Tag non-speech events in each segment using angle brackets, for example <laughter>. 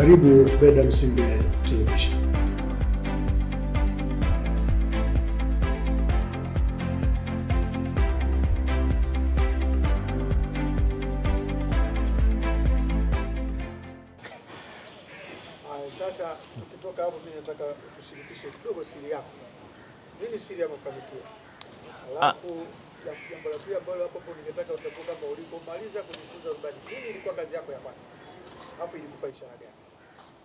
Karibu Beda Msimbe Television. Ah. ukitoka hapo, mimi nataka kushirikisha kidogo siri yako. Nini siri ya mafanikio? Alafu ah. jambo la pili ambalo hapo hapo ningetaka utakuwa kama ulipomaliza kujifunza urubani, nini ilikuwa kazi yako ya kwanza? Alafu ilikupa ishara gani?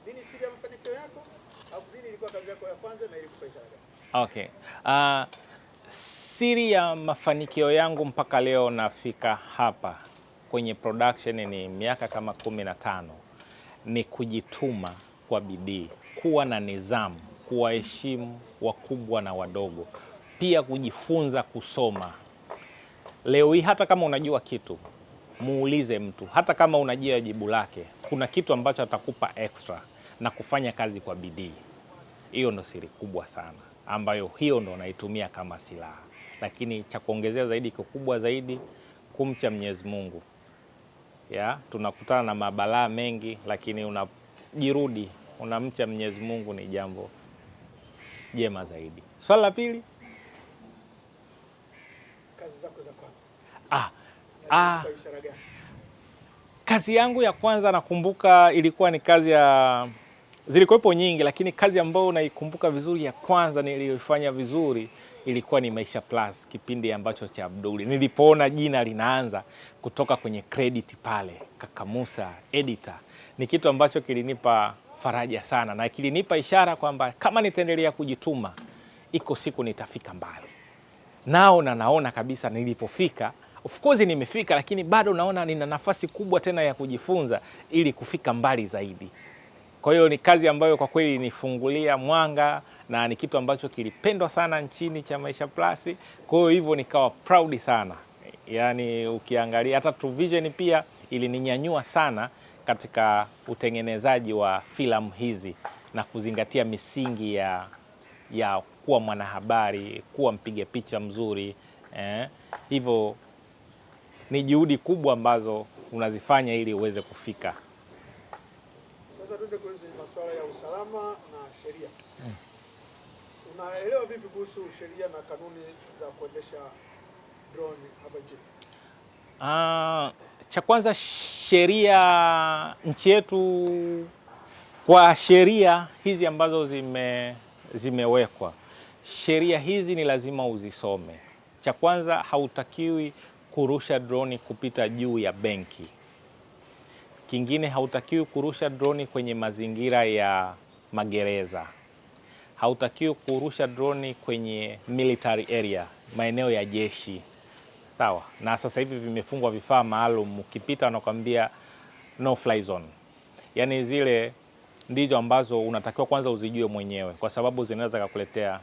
Nini siri ya mafanikio yako? au nini ilikuwa kazi yako ya kwanza na ilikupa ishara? Okay. Uh, siri ya mafanikio yangu mpaka leo nafika hapa kwenye production ni miaka kama kumi na tano ni kujituma kwa bidii, kuwa na nidhamu, kuwaheshimu wakubwa na wadogo, pia kujifunza kusoma. Leo hii hata kama unajua kitu muulize mtu, hata kama unajua jibu lake, kuna kitu ambacho atakupa extra na kufanya kazi kwa bidii. Hiyo ndo siri kubwa sana ambayo hiyo ndo naitumia kama silaha, lakini cha kuongezea zaidi, kikubwa zaidi, kumcha Mwenyezi Mungu. Ya, tunakutana na mabalaa mengi, lakini unajirudi unamcha Mwenyezi Mungu ni jambo jema zaidi. Swali la pili, kazi zako za kwanza. Ah, ah, kazi yangu ya kwanza nakumbuka ilikuwa ni kazi ya Zilikuwepo nyingi, lakini kazi ambayo naikumbuka vizuri ya kwanza niliyoifanya vizuri ilikuwa ni Maisha Plus, kipindi ambacho cha Abduli. Nilipoona jina linaanza kutoka kwenye credit pale, kaka Musa editor, ni kitu ambacho kilinipa faraja sana na kilinipa ishara kwamba kama nitaendelea kujituma, iko siku nitafika mbali nao, na naona kabisa nilipofika Of course nimefika, lakini bado naona nina nafasi kubwa tena ya kujifunza ili kufika mbali zaidi. Kwa hiyo ni kazi ambayo kwa kweli nifungulia mwanga na ni kitu ambacho kilipendwa sana nchini Cha Maisha Plus. Kwa hiyo hivyo nikawa proud sana, yaani ukiangalia hata TrueVision pia ilininyanyua sana katika utengenezaji wa filamu hizi na kuzingatia misingi ya, ya kuwa mwanahabari, kuwa mpiga picha mzuri eh. Hivyo ni juhudi kubwa ambazo unazifanya ili uweze kufika sasa tuende kwenye masuala ya usalama na sheria. Hmm. Unaelewa vipi kuhusu sheria na kanuni za kuendesha drone hapa nchini? Ah, cha kwanza sheria nchi yetu kwa sheria hizi ambazo zime zimewekwa sheria hizi ni lazima uzisome. Cha kwanza, hautakiwi kurusha droni kupita juu ya benki. Kingine, hautakiwi kurusha droni kwenye mazingira ya magereza, hautakiwi kurusha droni kwenye military area, maeneo ya jeshi, sawa. Na sasa hivi vimefungwa vifaa maalum, ukipita wanakwambia no fly zone, yaani zile ndizo ambazo unatakiwa kwanza uzijue mwenyewe, kwa sababu zinaweza kukuletea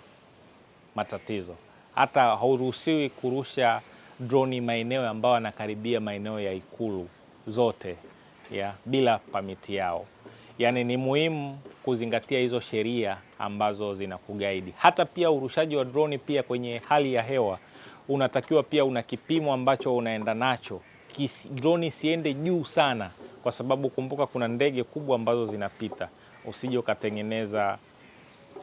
matatizo. Hata hauruhusiwi kurusha droni maeneo ambayo yanakaribia maeneo ya Ikulu zote ya bila pamiti yao. Yaani ni muhimu kuzingatia hizo sheria ambazo zinakugaidi. Hata pia urushaji wa droni pia kwenye hali ya hewa unatakiwa pia una kipimo ambacho unaenda nacho. Kisi, droni siende juu sana kwa sababu kumbuka, kuna ndege kubwa ambazo zinapita, usije ukatengeneza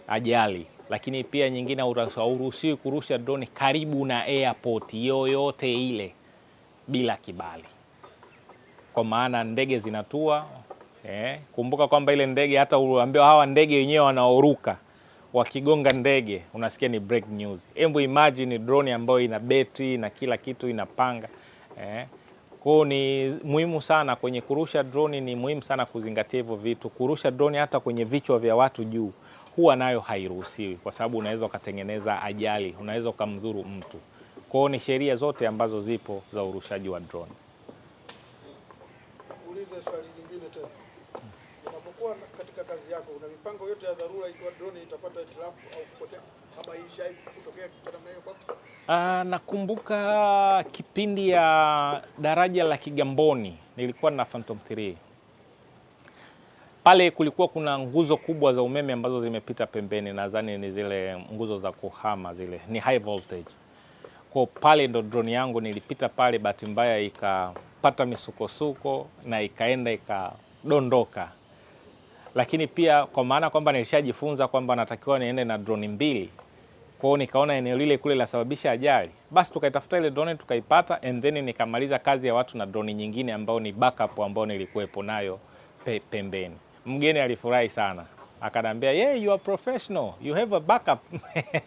ajali. Lakini pia nyingine, hauruhusiwi kurusha droni karibu na airport yoyote ile bila kibali kwa maana ndege zinatua eh. Kumbuka kwamba ile ndege hata uambiwa hawa ndege wenyewe wanaoruka wakigonga ndege unasikia ni break news. Hebu imagine drone ambayo ina betri na kila kitu inapanga eh. Kwa ni muhimu sana kwenye kurusha drone, ni muhimu sana kuzingatia hivyo vitu. Kurusha drone hata kwenye vichwa vya watu juu huwa nayo hairuhusiwi, kwa sababu unaweza ukatengeneza ajali, unaweza ukamdhuru mtu. Kwao ni sheria zote ambazo zipo za urushaji wa drone. mipango yote ya dharura ikiwa drone itapata hitilafu au kupotea kama ilishawahi kutokea kwa namna hiyo kwa? Ah, nakumbuka kipindi ya daraja la Kigamboni nilikuwa na Phantom 3. Pale kulikuwa kuna nguzo kubwa za umeme ambazo zimepita pembeni, nadhani ni zile nguzo za kuhama zile, ni high voltage. Kwa pale ndo drone yangu nilipita pale, bahati mbaya ikapata misukosuko na ikaenda ikadondoka lakini pia kwa maana kwamba nilishajifunza kwamba natakiwa niende na droni mbili kwao, nikaona eneo lile kule linasababisha ajali, basi tukaitafuta ile drone tukaipata, and then nikamaliza kazi ya watu na droni nyingine ambayo ni backup ambayo nilikuwepo nayo pe, pembeni. Mgeni alifurahi sana akanambia yeah, you are professional, you have a backup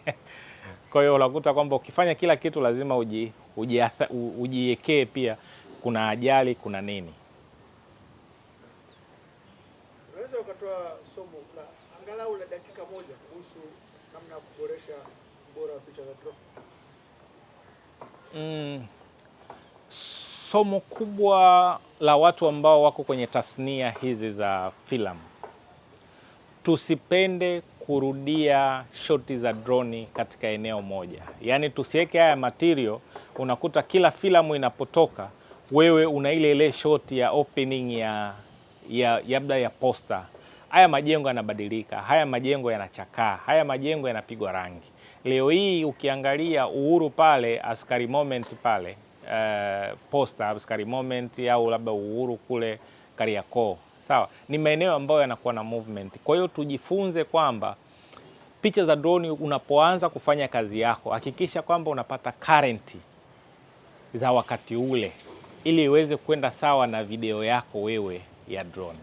<laughs> kwa hiyo unakuta kwamba ukifanya kila kitu lazima ujiekee uji, uji pia kuna ajali kuna nini. kutoa somo la angalau la dakika moja kuhusu namna ya kuboresha ubora wa picha za drone? Mm, somo kubwa la watu ambao wako kwenye tasnia hizi za filamu, tusipende kurudia shoti za droni katika eneo moja, yaani tusiweke haya material. Unakuta kila filamu inapotoka wewe una ile ile shoti ya opening ya labda ya, ya, ya posta haya majengo yanabadilika, haya majengo yanachakaa, haya majengo yanapigwa rangi. Leo hii ukiangalia Uhuru pale, Askari Moment pale, uh, Posta, Askari Moment au labda Uhuru kule Kariakoo, sawa, ni maeneo ambayo yanakuwa na movement. Kwa hiyo tujifunze kwamba picha za droni unapoanza kufanya kazi yako, hakikisha kwamba unapata current za wakati ule, ili iweze kwenda sawa na video yako wewe ya droni.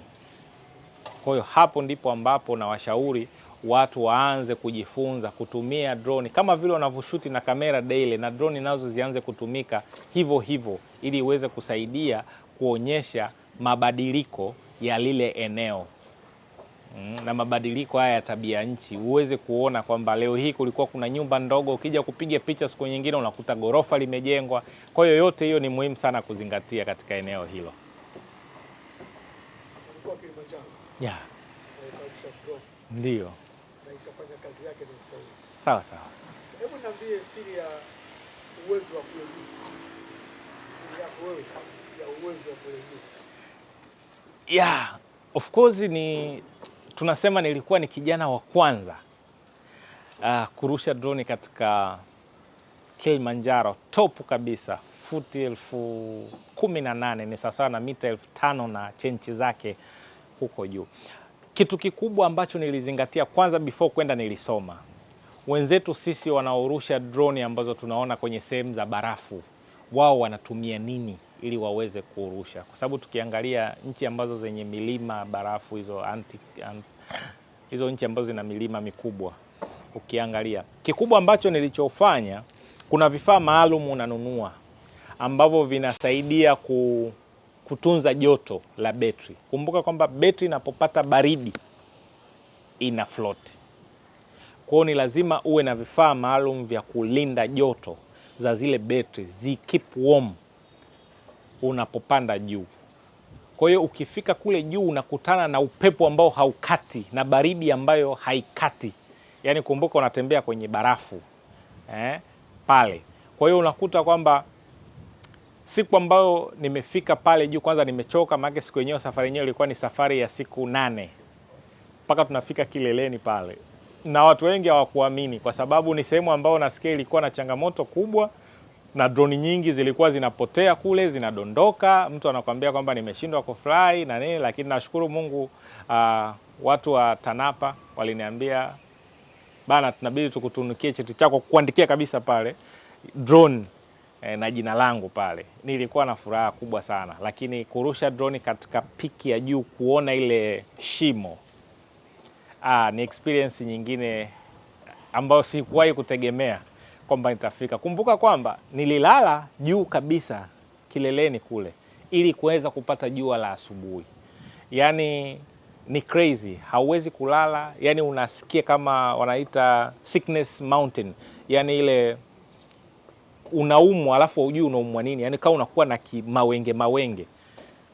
Kwa hiyo hapo ndipo ambapo nawashauri watu waanze kujifunza kutumia droni kama vile wanavyoshuti na kamera daily, na droni nazo zianze kutumika hivyo hivyo, ili iweze kusaidia kuonyesha mabadiliko ya lile eneo mm, na mabadiliko haya ya tabia nchi, uweze kuona kwamba leo hii kulikuwa kuna nyumba ndogo, ukija kupiga picha siku nyingine unakuta ghorofa limejengwa. Kwa hiyo yote hiyo ni muhimu sana kuzingatia katika eneo hilo. ya Ndio na ikafanya kazi yake na ustawi. Sawa sawa. Hebu niambie siri ya uwezo wa kule juu, siri yako wewe ya uwezo wa kule juu. ya of course ni tunasema nilikuwa ni kijana wa kwanza uh, kurusha droni katika Kilimanjaro topu kabisa futi elfu kumi na nane ni sawasawa na mita elfu tano na chenchi zake huko juu. Kitu kikubwa ambacho nilizingatia kwanza, before kwenda nilisoma wenzetu sisi wanaorusha droni ambazo tunaona kwenye sehemu za barafu, wao wanatumia nini ili waweze kurusha, kwa sababu tukiangalia nchi ambazo zenye milima barafu hizo hizo nchi ambazo zina milima mikubwa, ukiangalia kikubwa ambacho nilichofanya, kuna vifaa maalum unanunua ambavyo vinasaidia ku kutunza joto la betri. Kumbuka kwamba betri inapopata baridi ina float. Kwa hiyo ni lazima uwe na vifaa maalum vya kulinda joto za zile betri zi keep warm unapopanda juu. Kwa hiyo ukifika kule juu unakutana na upepo ambao haukati na baridi ambayo haikati, yaani kumbuka unatembea kwenye barafu eh, pale. Kwa hiyo unakuta kwamba siku ambayo nimefika pale juu, kwanza nimechoka, maana siku yenyewe, safari yenyewe ilikuwa ni safari ya siku nane mpaka tunafika kileleni pale, na watu wengi hawakuamini kwa sababu ni sehemu ambayo nasikia ilikuwa na changamoto kubwa na droni nyingi zilikuwa zinapotea kule, zinadondoka. Mtu anakuambia kwamba nimeshindwa kufly na nini, lakini nashukuru Mungu. Uh, watu wa TANAPA waliniambia bana, tunabidi tukutunukie cheti chako, kuandikia kabisa pale drone Eh, na jina langu pale, nilikuwa na furaha kubwa sana, lakini kurusha droni katika piki ya juu kuona ile shimo ah, ni experience nyingine ambayo sikuwahi kutegemea kwamba nitafika. Kumbuka kwamba nililala juu kabisa kileleni kule ili kuweza kupata jua la asubuhi. Yaani ni crazy, hauwezi kulala, yani unasikia kama wanaita sickness mountain, yani ile unaumwa alafu hujui unaumwa nini, yani kama unakuwa na kimawenge mawenge,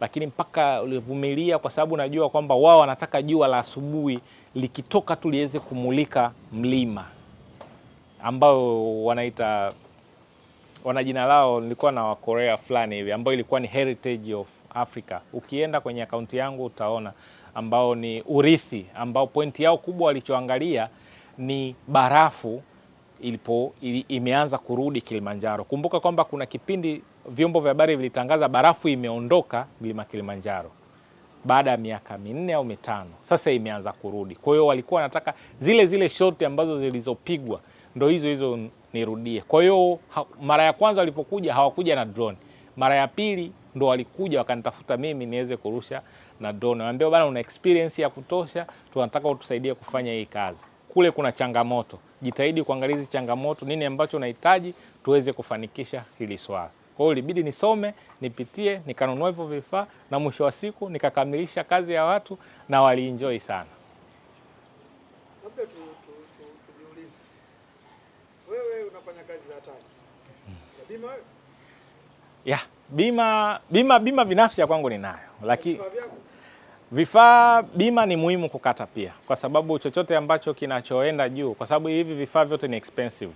lakini mpaka ulivumilia, kwa sababu najua kwamba wao wanataka jua la asubuhi likitoka tu liweze kumulika mlima ambao wanaita wana jina lao, nilikuwa na Wakorea fulani hivi ambayo ilikuwa ni Heritage of Africa. Ukienda kwenye akaunti yangu utaona, ambao ni urithi, ambao pointi yao kubwa walichoangalia ni barafu ilipo, imeanza kurudi Kilimanjaro. Kumbuka kwamba kuna kipindi vyombo vya habari vilitangaza barafu imeondoka mlima Kilimanjaro baada ya miaka minne au mitano, sasa imeanza kurudi. Kwa hiyo walikuwa wanataka zile zile shoti ambazo zilizopigwa ndo hizo hizo nirudie. Kwa hiyo mara ya kwanza walipokuja hawakuja na drone, mara ya pili ndo walikuja wakanitafuta mimi niweze kurusha na drone. Waambia bana, una experience ya kutosha, tunataka utusaidie kufanya hii kazi kule kuna changamoto, jitahidi kuangalia hizi changamoto, nini ambacho unahitaji tuweze kufanikisha hili swala. Kwa hiyo ilibidi nisome, nipitie, nikanunua hivyo vifaa na mwisho wa siku nikakamilisha kazi ya watu na walienjoy sana. Yeah, hmm. bima bima bima binafsi ya kwangu ninayo lakini Vifaa bima ni muhimu kukata pia, kwa sababu chochote ambacho kinachoenda juu, kwa sababu hivi vifaa vyote ni expensive.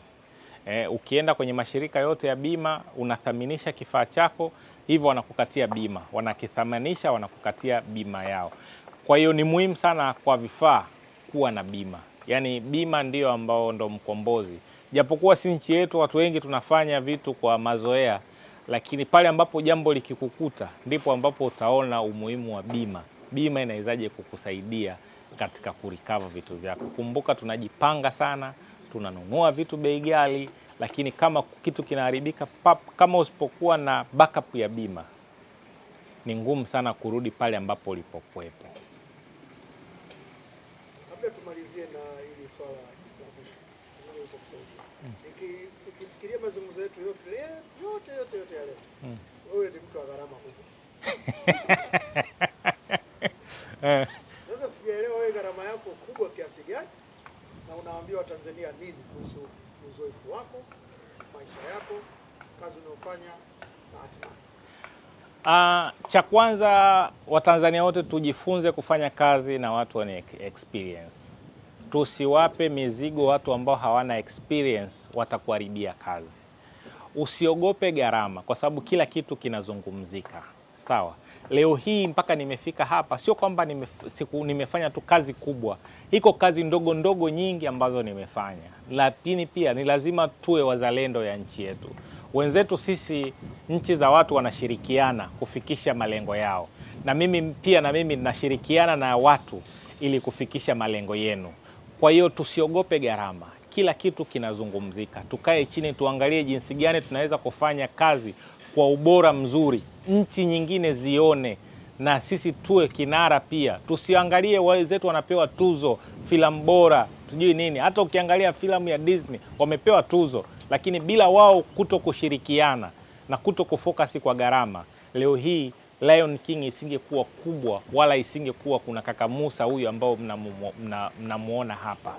E, ukienda kwenye mashirika yote ya bima unathaminisha kifaa chako, hivyo wanakukatia bima, wanakithamanisha, wanakukatia bima yao. Kwa hiyo ni muhimu sana kwa vifaa kuwa na bima, yaani bima ndio ambao ndo mkombozi, japokuwa si nchi yetu watu wengi tunafanya vitu kwa mazoea, lakini pale ambapo jambo likikukuta ndipo ambapo utaona umuhimu wa bima bima inawezaje kukusaidia katika kurikava vitu vyako. Kumbuka tunajipanga sana, tunanunua vitu bei ghali, lakini kama kitu kinaharibika pap, kama usipokuwa na backup ya bima ni ngumu sana kurudi pale ambapo ulipokuwepo. Kabla tumalizie na hili swala la mwisho nikifikiria mm. mazungumzo yetu yote yote yote yale, mm. wewe ni mtu wa gharama kubwa <laughs> Eh. Sasa sijaelewa wewe gharama yako kubwa kiasi gani na unaambia Watanzania nini kuhusu uzoefu wako, maisha yako, kazi unayofanya na hatimaye Uh, cha kwanza Watanzania wote tujifunze kufanya kazi na watu wenye experience. Tusiwape mizigo watu ambao hawana experience, watakuharibia kazi. Usiogope gharama, kwa sababu kila kitu kinazungumzika sawa. Leo hii mpaka nimefika hapa, sio kwamba nime, siku, nimefanya tu kazi kubwa, iko kazi ndogo ndogo nyingi ambazo nimefanya, lakini pia ni lazima tuwe wazalendo ya nchi yetu. Wenzetu sisi nchi za watu wanashirikiana kufikisha malengo yao, na mimi pia na mimi nashirikiana na watu ili kufikisha malengo yenu. Kwa hiyo tusiogope gharama, kila kitu kinazungumzika. Tukae chini tuangalie jinsi gani tunaweza kufanya kazi kwa ubora mzuri, nchi nyingine zione na sisi tuwe kinara pia. Tusiangalie wenzetu wanapewa tuzo, filamu bora, tujui nini. Hata ukiangalia filamu ya Disney wamepewa tuzo, lakini bila wao kuto kushirikiana na kuto kufokasi kwa gharama, leo hii Lion King isingekuwa kubwa wala isingekuwa kuna kaka Musa huyu ambao mnamuona mna, mna hapa.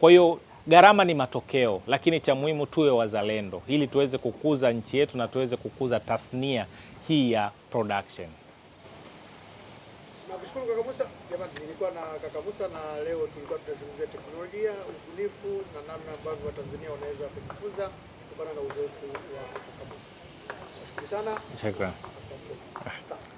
Kwa hiyo Gharama ni matokeo, lakini cha muhimu tuwe wazalendo ili tuweze kukuza nchi yetu na tuweze kukuza tasnia hii ya production. Nakushukuru kaka Musa. Jamani, nilikuwa na kaka Musa na leo tulikuwa tunazungumzia teknolojia, ubunifu na namna ambavyo Watanzania wanaweza kujifunza kutokana na uzoefu wa kaka Musa. Nashukuru sana. Shukrani. Asante. Ah.